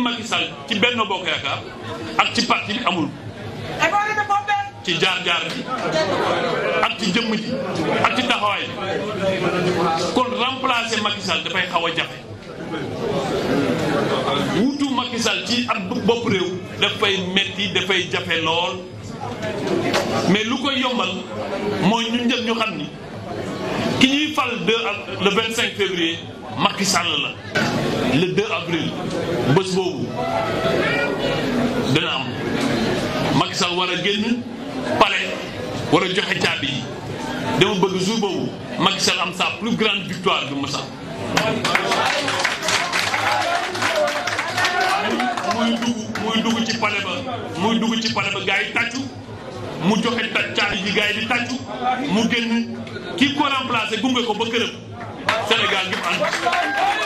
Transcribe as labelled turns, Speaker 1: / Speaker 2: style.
Speaker 1: njëriñ Macky ci benn bokk ak ci parti bi amul ci jaar-jaar bi ak ci jëmm ji ak ci taxawaay bi kon remplacer Macky dafay xaw a jafe wutu Macky ci ak bopp réew dafay metti dafay jafe lool mais lu koy yombal mooy ñun ñëpp ñu xam ni ki ñuy fal de le vingt cinq février Macky la le 2 avril bés boobu dana am Macky Sall war a génn pale war a joxe caabi yi dama bëgg jour boobu am sa plus grande victoire bi Moussa. muy dugg ci pale ba muy dugg mu joxe caabi yi gars yi mu génn kii ko remplacé gunge ko ba këram Sénégal gi ànd.